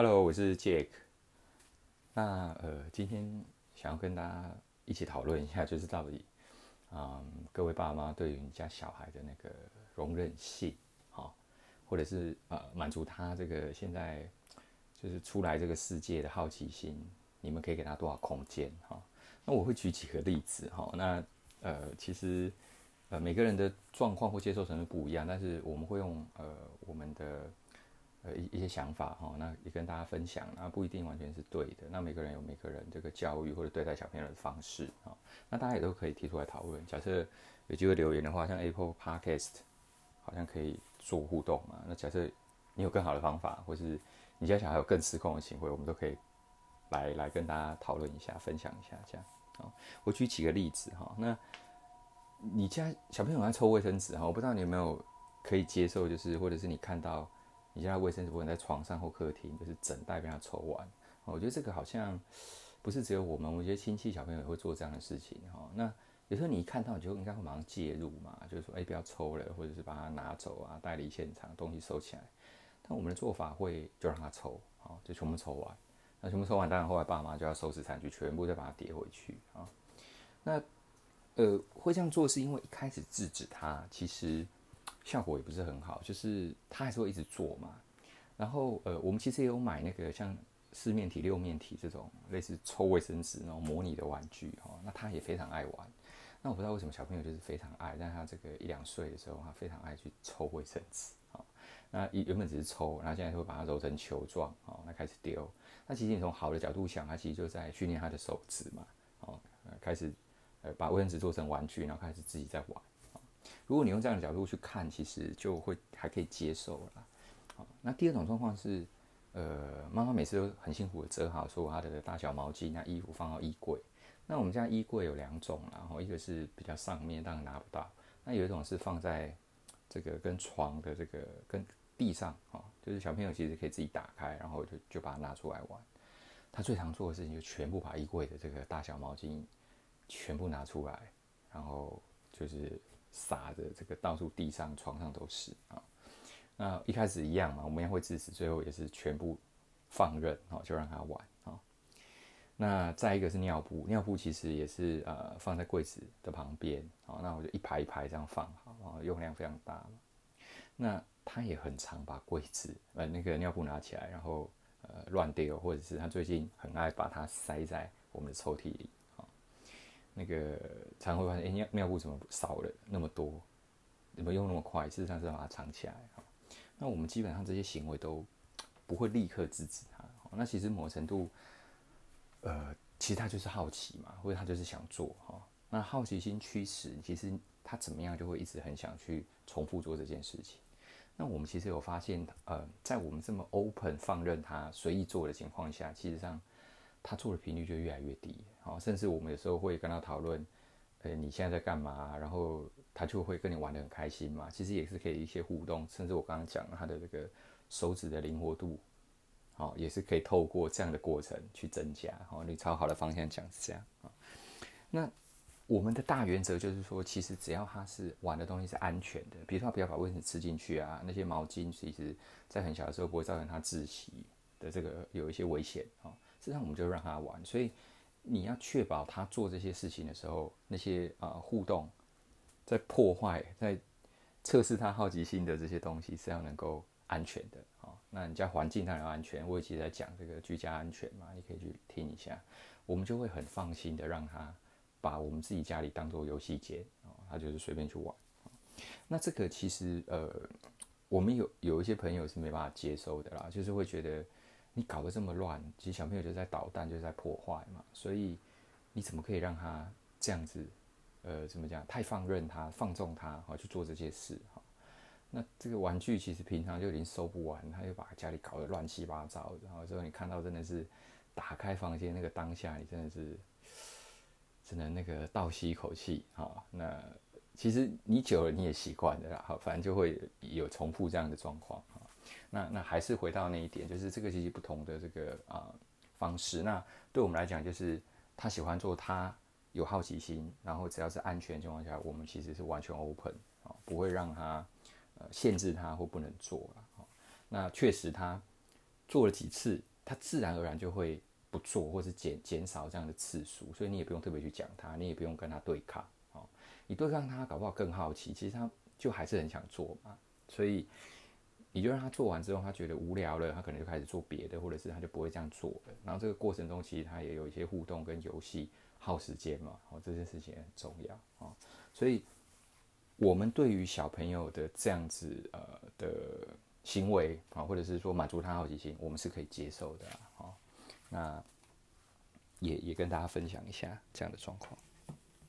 Hello，我是 Jack。那呃，今天想要跟大家一起討論一下，就是到底，嗯，各位爸媽對於你家小孩的那個容忍性，哈，或者是呃，滿足他這個現在就是出來這個世界的好奇心，你們可以給他多少空間，哈？那我會舉幾個例子，哈。那呃，其實呃，每個人的狀況或接受程度不一樣，但是我們會用呃我們的。呃，一一些想法哈，那也跟大家分享，那不一定完全是對的。那每個人有每個人這個教育或者對待小朋友的方式啊，那大家也都可以提出來討論。假設有機會留言的話，像 Apple Podcast 好像可以做互動嘛。那假設你有更好的方法，或是你家小孩有更失控的行為，我們都可以來來跟大家討論一下，分享一下這樣。哦，我舉幾個例子哈。那你家小朋友在抽衛生紙哈，我不知道你有沒有可以接受，就是或者是你看到。你像衛生紙，無論在床上或客廳，就是整袋被他抽完。我覺得這個好像不是只有我們，我覺得親戚小朋友也會做這樣的事情哈。那有時候你一看到，你就應該會馬上介入嘛，就是說，哎，不要抽了，或者是把它拿走啊，帶離現場，東西收起來。但我們的做法會就讓他抽，好，就全部抽完。那全部抽完，當然後來爸媽就要收拾殘局，全部再把它疊回去啊。那呃，會這樣做是因為一開始制止他，其實。效果也不是很好，就是他還是會一直做嘛。然後，呃，我們其實也有買那個像四面體、六面體這種類似抽衛生紙那種模擬的玩具哦，那他也非常愛玩。那我不知道為什麼小朋友就是非常愛，在他這個一兩歲的時候，他非常愛去抽衛生紙啊、哦。那原本只是抽，然後現在就會把它揉成球狀哦，那開始丟。那其實你從好的角度想，他其實就在訓練他的手指嘛。哦，呃、開始呃把衛生紙做成玩具，然後開始自己在玩。如果你用這樣的角度去看，其實就會還可以接受了。好，那第二種狀況是，呃，媽媽每次都很辛苦的折好所有他的大小毛巾，那衣服放到衣櫃。那我們家衣櫃有兩種，然後一個是比較上面，當然拿不到。那有一種是放在這個跟床的這個跟地上啊，就是小朋友其實可以自己打開，然後就就把它拿出來玩。他最常做的事情就全部把衣櫃的這個大小毛巾全部拿出來，然後就是。撒的，這個到處地上、床上都是啊、哦。那一開始一樣嘛，我們也會制止，最後也是全部放任，哦，就讓他玩啊、哦。那再一個是尿布，尿布其實也是呃放在櫃子的旁邊，哦，那我就一排一排這樣放，好，哦，用量非常大。那他也很常把櫃子呃那個尿布拿起來，然後呃亂丟，或者是他最近很愛把它塞在我們的抽屜裡。那個才會發現，哎、欸，尿尿布怎麼少了那麼多？怎麼用那麼快？事實上是要把它藏起來。那我們基本上這些行為都不會立刻制止他。那其實某程度，呃，其實他就是好奇嘛，或者他就是想做哈。那好奇心驅使，其實他怎麼樣就會一直很想去重複做這件事情。那我們其實有發現，呃，在我們這麼 open 放任他隨意做的情況下，其實上。他做的頻率就越來越低，好，甚至我們有時候會跟他討論，欸，你現在在幹嘛啊？然後他就會跟你玩得很開心嘛。其實也是可以一些互動，甚至我剛剛講他的這個手指的靈活度，好，也是可以透過這樣的過程去增加。好，你朝好的方向講是這樣啊。那我們的大原則就是說，其實只要他是玩的東西是安全的，比如說不要把衛生紙吃進去啊，那些毛巾其實，在很小的時候不會造成他窒息的這個有一些危險啊。這樣我們就讓他玩，所以你要確保他做這些事情的時候，那些啊、呃、互動，在破壞，在測試他好奇心的這些東西是要能夠安全的啊、哦。那你家環境當然安全，我以前在講這個居家安全嘛，你可以去聽一下。我們就會很放心的讓他把我們自己家裡當做遊戲間、哦，他就是隨便去玩。哦、那這個其實呃，我們有有一些朋友是沒辦法接受的啦，就是會覺得。你搞得這麼亂，其實小朋友就在搗蛋，就是、在破壞嘛。所以你怎麼可以讓他這樣子，呃，怎麼講？太放任他，放縱他，好、哦、去做這些事，哈、哦。那這個玩具其實平常就已經收不完，他就把家裡搞得亂七八糟。然後之後你看到真的是打開房間那個當下，你真的是，只能那個倒吸一口氣，哈、哦。那其實你久了你也習慣的啦，哈，反正就會有重複這樣的狀況，哦那那還是回到那一點，就是這個其實不同的這個啊、呃、方式。那對我們來講，就是他喜歡做他，他有好奇心，然後只要是安全情況下，我們其實是完全 open，哦，不會讓他呃限制他或不能做，哦，那確實他做了幾次，他自然而然就會不做或是減減少這樣的次數，所以你也不用特別去講他，你也不用跟他對抗，哦，你對抗他，搞不好更好奇，其實他就還是很想做嘛，所以。你就讓他做完之後，他覺得無聊了，他可能就開始做別的，或者是他就不會這樣做了。然後這個過程中，其實他也有一些互動跟遊戲耗時間嘛，喔，這件事情很重要啊，喔。所以，我們對於小朋友的這樣子呃的行為啊，喔，或者是說滿足他好奇心，我們是可以接受的啊，喔。那也也跟大家分享一下這樣的狀況。